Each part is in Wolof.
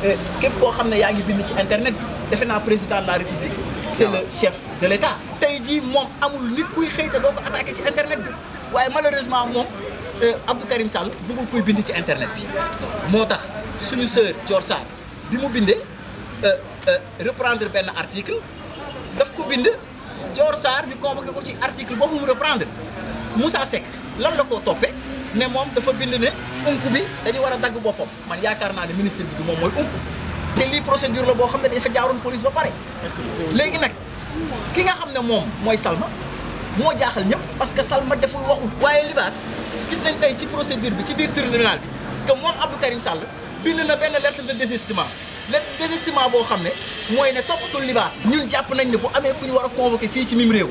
Euh, képp koo xam ne yaa ngi bind ci internet bi defe naa président de la république c'est ah. le chef de l'État. état dit, mon, moom amul nit kuy xëy te doo ci internet bi malheureusement mon, euh, Abdou Karim Sall bëggul kuy bind ci internet bi moo tax suñu sœur Dior Sarr bi mu bindee euh, reprendre ben article daf ko bind Dior Sarr ñu convoqué ko ci article boobu mu reprendre Moussa Seck lan la koo topé. ne moom dafa bind ne unk bi dañu war a dagg boppam man yaakaar naa ne ministre bi du moom mooy unk te lii procédure la boo xam ne dañ fa jaaroon police ba pare léegi nag ki nga xam ne moom mooy Salma moo jaaxal ñëpp parce que Salma deful waxul waaye libaas gis nañ tey ci procédure bi ci biir tribunal bi que moom Abdou Karim Sall bind na benn lettre de désistiment lettre désistiment boo xam ne mooy ne toppatul libaas ñun jàpp nañ ne bu amee ku ñu war a convoqué fii ci mim réew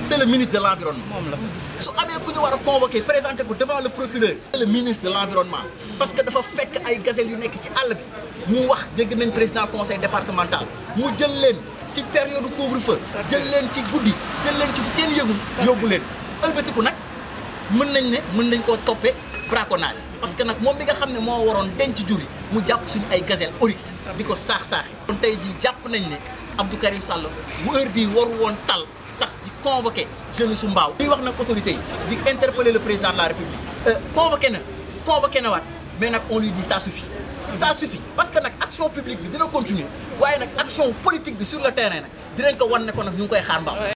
C'est le ministre de l'environnement. environnement. su amee ku a convoquer présenter ko devant le procureur. c'est le ministre de l'environnement. parce que dafa fekk ay Gazelle yu nekk ci àll bi mu wax dégg nañ président conseil départemental mu jël leen ci période couvre-feu. jël leen ci guddi jël leen ci fu kenn yëgul. yóbbu leen ëlbatiku nag mën nañ ne mën nañ braconnage. parce que nak mom mi nga xamné mo moo waroon denc jur mu japp suñu ay gazelle oryx diko sax saax On kon tey jii jàpp nañ ne Abdou Karim Sall bu heure bi waru won tal. Convoquer jeune su il y a une autorité qui interpelle le président de la république Convoquer euh, convoqué na mais on lui dit ça suffit ça suffit parce que l'action action publique bi dina continuer waaye action politique sur le terrain on ko